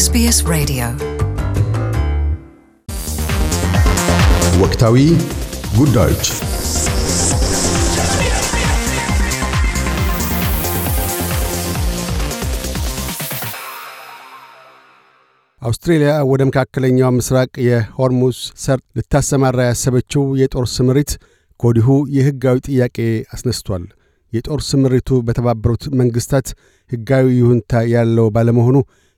ኤስቢኤስ ሬዲዮ ወቅታዊ ጉዳዮች አውስትሬልያ ወደ መካከለኛው ምስራቅ የሆርሙዝ ሰርጥ ልታሰማራ ያሰበችው የጦር ስምሪት ከወዲሁ የሕጋዊ ጥያቄ አስነስቷል። የጦር ስምሪቱ በተባበሩት መንግሥታት ሕጋዊ ይሁንታ ያለው ባለመሆኑ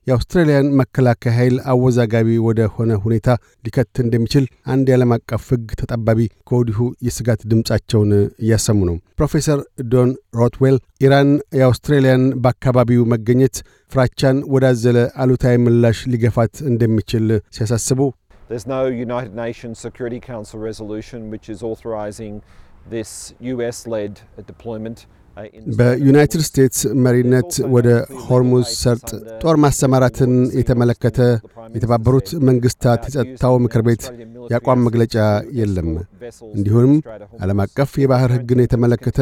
የአውስትራሊያን መከላከያ ኃይል አወዛጋቢ ወደ ሆነ ሁኔታ ሊከት እንደሚችል አንድ የዓለም አቀፍ ሕግ ተጠባቢ ከወዲሁ የስጋት ድምፃቸውን እያሰሙ ነው። ፕሮፌሰር ዶን ሮትዌል ኢራን የአውስትራሊያን በአካባቢው መገኘት ፍራቻን ወዳዘለ አሉታዊ ምላሽ ሊገፋት እንደሚችል ሲያሳስቡ There's no United Nations Security Council resolution which is authorizing this US led deployment በዩናይትድ ስቴትስ መሪነት ወደ ሆርሙዝ ሰርጥ ጦር ማሰማራትን የተመለከተ የተባበሩት መንግሥታት የጸጥታው ምክር ቤት የአቋም መግለጫ የለም። እንዲሁም ዓለም አቀፍ የባሕር ሕግን የተመለከተ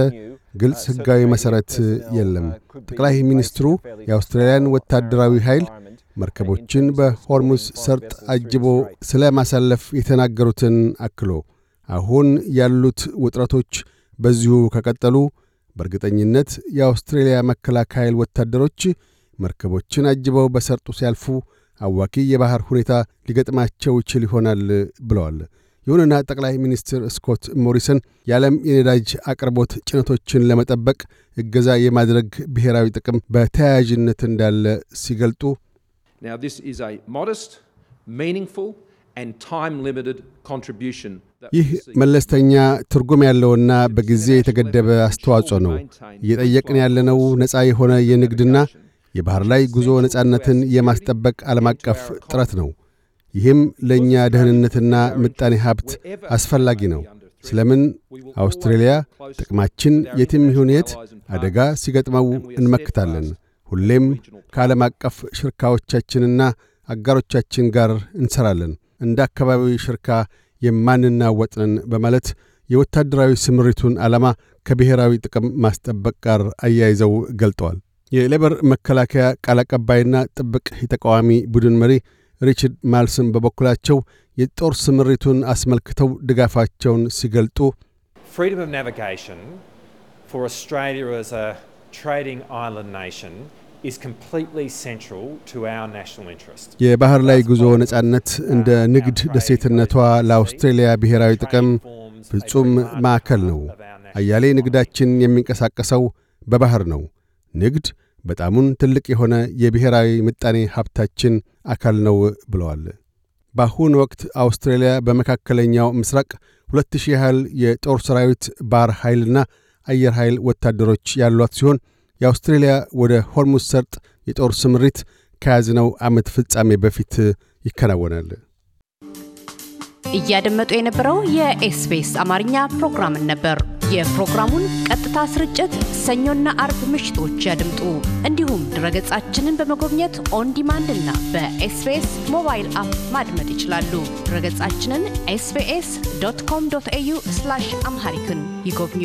ግልጽ ሕጋዊ መሠረት የለም። ጠቅላይ ሚኒስትሩ የአውስትራሊያን ወታደራዊ ኃይል መርከቦችን በሆርሙዝ ሰርጥ አጅቦ ስለ ማሳለፍ የተናገሩትን አክሎ አሁን ያሉት ውጥረቶች በዚሁ ከቀጠሉ በእርግጠኝነት የአውስትሬልያ መከላከያ ኃይል ወታደሮች መርከቦችን አጅበው በሰርጡ ሲያልፉ አዋኪ የባሕር ሁኔታ ሊገጥማቸው ይችል ይሆናል ብለዋል። ይሁንና ጠቅላይ ሚኒስትር ስኮት ሞሪሰን የዓለም የነዳጅ አቅርቦት ጭነቶችን ለመጠበቅ እገዛ የማድረግ ብሔራዊ ጥቅም በተያያዥነት እንዳለ ሲገልጡ ይህ መለስተኛ ትርጉም ያለውና በጊዜ የተገደበ አስተዋጽኦ ነው። እየጠየቅን ያለነው ነፃ የሆነ የንግድና የባሕር ላይ ጉዞ ነፃነትን የማስጠበቅ ዓለም አቀፍ ጥረት ነው። ይህም ለእኛ ደህንነትና ምጣኔ ሀብት አስፈላጊ ነው። ስለምን አውስትሬልያ ጥቅማችን የትም ይሁን የት አደጋ ሲገጥመው እንመክታለን። ሁሌም ከዓለም አቀፍ ሽርካዎቻችንና አጋሮቻችን ጋር እንሠራለን። እንደ አካባቢዊ ሽርካ የማንናወጥንን በማለት የወታደራዊ ስምሪቱን ዓላማ ከብሔራዊ ጥቅም ማስጠበቅ ጋር አያይዘው ገልጠዋል። የሌበር መከላከያ ቃል አቀባይና ጥብቅ የተቃዋሚ ቡድን መሪ ሪችርድ ማልስን በበኩላቸው የጦር ስምሪቱን አስመልክተው ድጋፋቸውን ሲገልጡ ፍሪደም ኦፍ ናቪጌሽን ፎር አውስትራሊያ አዝ አ ትሬዲንግ አይላንድ ኔሽን የባህር ላይ ጉዞ ነጻነት እንደ ንግድ ደሴትነቷ ለአውስትሬልያ ብሔራዊ ጥቅም ፍጹም ማዕከል ነው። አያሌ ንግዳችን የሚንቀሳቀሰው በባህር ነው። ንግድ በጣሙን ትልቅ የሆነ የብሔራዊ ምጣኔ ሀብታችን አካል ነው ብለዋል። በአሁኑ ወቅት አውስትሬልያ በመካከለኛው ምስራቅ ሁለት ሺህ ያህል የጦር ሠራዊት ባህር ኃይልና አየር ኃይል ወታደሮች ያሏት ሲሆን የአውስትሬልያ ወደ ሆርሙዝ ሰርጥ የጦር ስምሪት ከያዝነው ዓመት ፍጻሜ በፊት ይከናወናል። እያደመጡ የነበረው የኤስቢኤስ አማርኛ ፕሮግራምን ነበር። የፕሮግራሙን ቀጥታ ስርጭት ሰኞና አርብ ምሽቶች ያድምጡ። እንዲሁም ድረገጻችንን በመጎብኘት ኦንዲማንድ እና በኤስቢኤስ ሞባይል አፕ ማድመጥ ይችላሉ። ድረገጻችንን ኤስቢኤስ ዶት ኮም ዶት ኤዩ አምሃሪክን ይጎብኙ።